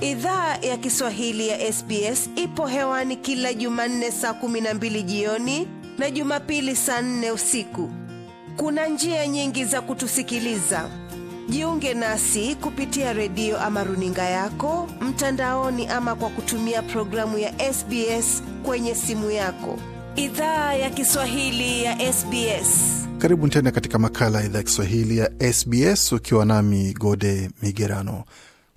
Idhaa ya Kiswahili ya SBS ipo hewani kila Jumanne saa kumi na mbili jioni na Jumapili saa nne usiku. Kuna njia nyingi za kutusikiliza. Jiunge nasi kupitia redio ama runinga yako mtandaoni, ama kwa kutumia programu ya SBS kwenye simu yako. Idhaa ya Kiswahili ya SBS. Karibu tena katika makala ya idhaa ya Kiswahili ya SBS ukiwa nami Gode Migerano.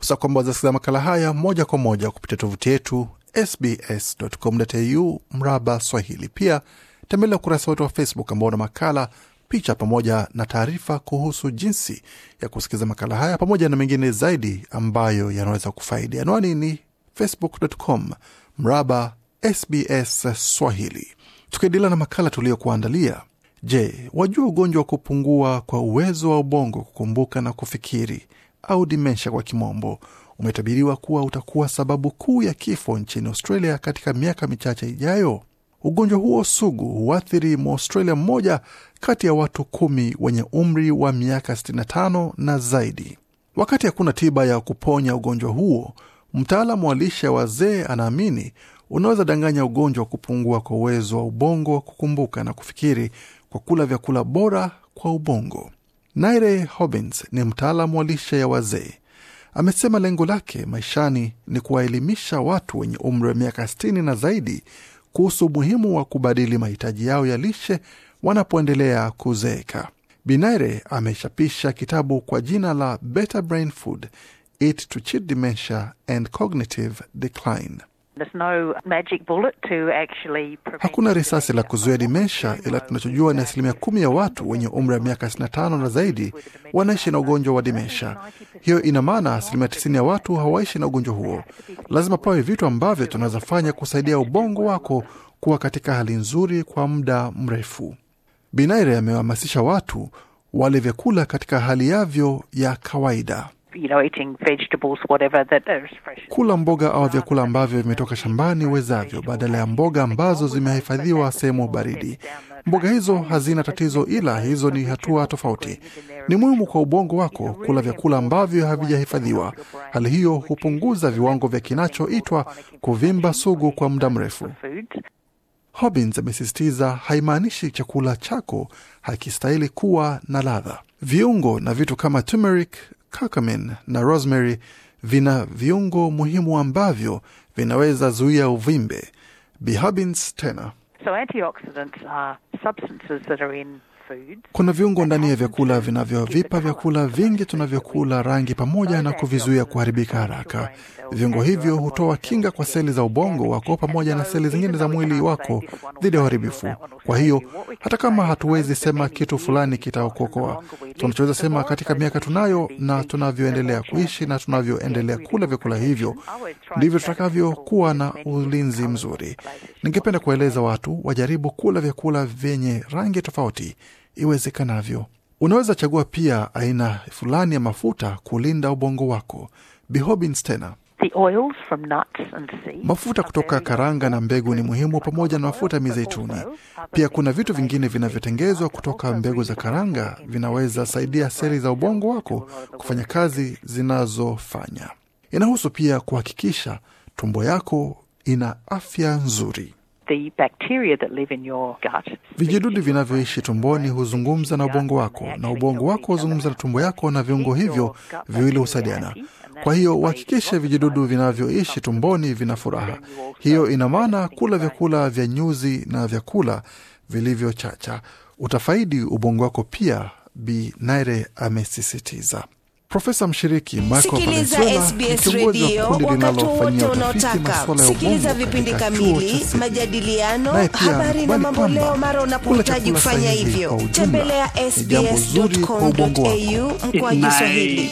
Usa kwamba wazasikiza makala haya moja kwa moja kupitia tovuti yetu sbs.com.au mraba Swahili. Pia tembelea ukurasa wetu wa Facebook ambao na makala, picha pamoja na taarifa kuhusu jinsi ya kusikiliza makala haya pamoja na mengine zaidi ambayo yanaweza kufaidi. Anwani ni facebook.com mraba SBS Swahili. Tukiendelea na makala tuliyokuandalia, je, wajua ugonjwa wa kupungua kwa uwezo wa ubongo kukumbuka na kufikiri au dimensha kwa kimombo umetabiriwa kuwa utakuwa sababu kuu ya kifo nchini Australia katika miaka michache ijayo. Ugonjwa huo sugu huathiri Mwaustralia mmoja kati ya watu kumi wenye umri wa miaka 65 na zaidi. Wakati hakuna tiba ya kuponya ugonjwa huo, mtaalamu wa lishe ya wazee anaamini unaweza danganya ugonjwa wa kupungua kwa uwezo wa ubongo wa kukumbuka na kufikiri kwa kula vyakula bora kwa ubongo. Naire Hobbins ni mtaalamu wa lishe ya wazee. Amesema lengo lake maishani ni kuwaelimisha watu wenye umri wa miaka 60 na zaidi kuhusu umuhimu wa kubadili mahitaji yao ya lishe wanapoendelea kuzeeka. Binaire amechapisha kitabu kwa jina la Better Brain Food: Eat to Cheat Dementia and Cognitive Decline. No magic bullet to actually prevent... Hakuna risasi la kuzuia dimesha ila tunachojua ni asilimia kumi ya watu wenye umri wa miaka 65 na zaidi wanaishi na ugonjwa wa dimesha Hiyo ina maana asilimia 90 ya watu hawaishi na ugonjwa huo. Lazima pawe vitu ambavyo tunaweza fanya kusaidia ubongo wako kuwa katika hali nzuri kwa muda mrefu. Binaire amewahamasisha watu wale vyakula katika hali yavyo ya kawaida. You know, eating vegetables, whatever that is fresh. Kula mboga au vyakula ambavyo vimetoka shambani wezavyo, badala ya mboga ambazo zimehifadhiwa sehemu baridi. Mboga hizo hazina tatizo, ila hizo ni hatua tofauti. Ni muhimu kwa ubongo wako kula vyakula ambavyo havijahifadhiwa. Hali hiyo hupunguza viwango vya kinachoitwa kuvimba sugu kwa muda mrefu. Hobbins amesisitiza haimaanishi chakula chako hakistahili kuwa na ladha. Viungo na vitu kama turmeric curcumin na rosemary vina viungo muhimu ambavyo vinaweza zuia uvimbe. Bihabins tena. So antioxidants are substances that are in kuna viungo ndani ya vyakula vinavyovipa vyakula vingi tunavyokula rangi pamoja na kuvizuia kuharibika haraka. Viungo hivyo hutoa kinga kwa seli za ubongo wako pamoja na seli zingine za mwili wako dhidi ya uharibifu. Kwa hiyo hata kama hatuwezi sema kitu fulani kitaokokoa, tunachoweza sema katika miaka tunayo na tunavyoendelea kuishi na tunavyoendelea kula vyakula hivyo, ndivyo tutakavyokuwa na ulinzi mzuri. Ningependa kueleza watu wajaribu kula vyakula vyenye rangi tofauti iwezekanavyo. Unaweza chagua pia aina fulani ya mafuta kulinda ubongo wako. Bi tena Mafuta kutoka karanga na mbegu ni muhimu pamoja na mafuta ya mizeituni. Pia kuna vitu vingine vinavyotengezwa kutoka mbegu za karanga vinaweza saidia seli za ubongo wako kufanya kazi zinazofanya. Inahusu pia kuhakikisha tumbo yako ina afya nzuri the bacteria that live in your gut. Vijidudu vinavyoishi tumboni huzungumza na ubongo wako na ubongo wako huzungumza na tumbo yako na viungo hivyo viwili husaidiana. Kwa hiyo uhakikishe vijidudu vinavyoishi tumboni vina furaha. Hiyo ina maana kula vyakula vya nyuzi na vyakula vilivyochacha utafaidi ubongo wako pia, Bi Naire amesisitiza. Profesa mshiriki sikiliza SBS redio wakati wowote unaotaka. Sikiliza vipindi kamili, majadiliano, habari na mambo leo mara unapohitaji kufanya hivyo, tembelea sbs.com.au mkoaji Swahili.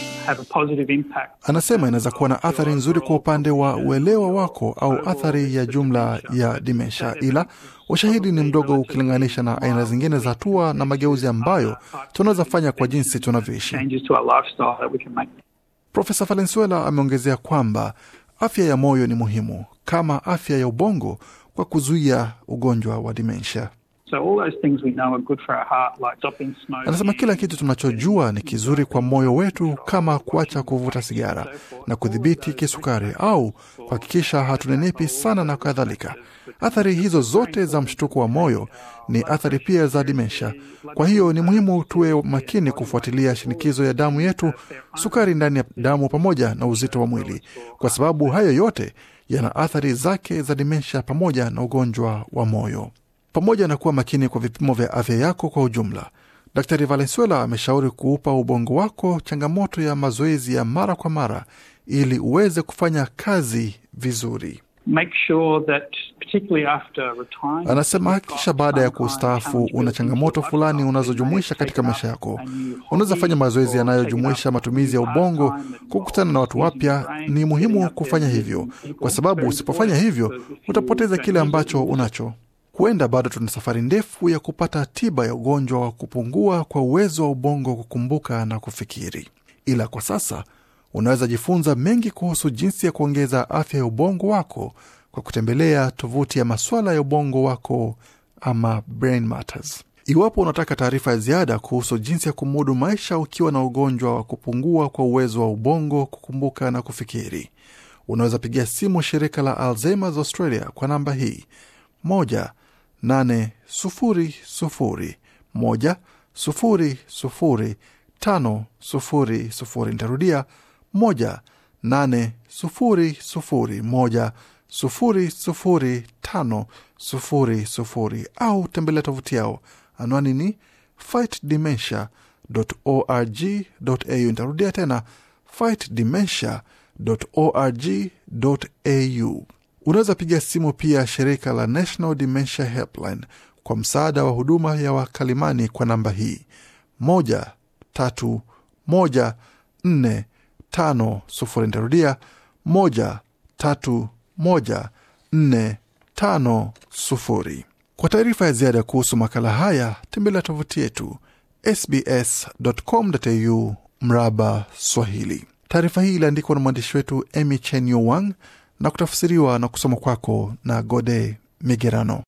Anasema inaweza kuwa na athari nzuri kwa upande wa uelewa wako au athari ya jumla ya dimensha, ila ushahidi ni mdogo ukilinganisha na aina zingine za hatua na mageuzi ambayo tunaweza fanya kwa jinsi tunavyoishi. Profesa Valenzuela ameongezea kwamba afya ya moyo ni muhimu kama afya ya ubongo kwa kuzuia ugonjwa wa dimensha. Anasema kila kitu tunachojua ni kizuri kwa moyo wetu, kama kuacha kuvuta sigara na kudhibiti kisukari au kuhakikisha hatunenepi sana na kadhalika. Athari hizo zote za mshtuko wa moyo ni athari pia za dimensha. Kwa hiyo ni muhimu tuwe makini kufuatilia shinikizo ya damu yetu, sukari ndani ya damu, pamoja na uzito wa mwili, kwa sababu hayo yote yana athari zake za dimensha pamoja na ugonjwa wa moyo pamoja na kuwa makini kwa vipimo vya afya yako kwa ujumla. Daktari Valenzuela ameshauri kuupa ubongo wako changamoto ya mazoezi ya mara kwa mara ili uweze kufanya kazi vizuri. Make sure that particularly after retirement, anasema hakikisha baada ya kustaafu una changamoto fulani unazojumuisha katika maisha yako. Unaweza fanya mazoezi yanayojumuisha matumizi ya ubongo, kukutana na watu wapya. Ni muhimu kufanya hivyo, kwa sababu usipofanya hivyo utapoteza kile ambacho unacho huenda bado tuna safari ndefu ya kupata tiba ya ugonjwa wa kupungua kwa uwezo wa ubongo kukumbuka na kufikiri, ila kwa sasa unaweza jifunza mengi kuhusu jinsi ya kuongeza afya ya ubongo wako kwa kutembelea tovuti ya masuala ya ubongo wako ama Brain Matters. Iwapo unataka taarifa ya ziada kuhusu jinsi ya kumudu maisha ukiwa na ugonjwa wa kupungua kwa uwezo wa ubongo kukumbuka na kufikiri, unaweza pigia simu shirika la Alzheimer's Australia kwa namba hii moja nane sufuri sufuri moja sufuri sufuri tano sufuri sufuri. Nitarudia moja nane sufuri sufuri moja sufuri sufuri tano sufuri sufuri, au tembelea tovuti yao. Anwani ni fightdementia.org.au. Nitarudia tena au Unaweza piga simu pia shirika la National Dementia Helpline kwa msaada wa huduma ya wakalimani kwa namba hii moja tatu moja nne tano sufuri. Nitarudia moja tatu moja nne tano sufuri. Kwa taarifa ya ziada kuhusu makala haya tembelea tovuti yetu sbs.com.au mraba Swahili. Taarifa hii iliandikwa na mwandishi wetu Emy Chenyo Wang na kutafsiriwa na kusoma kwako na Gode Migerano.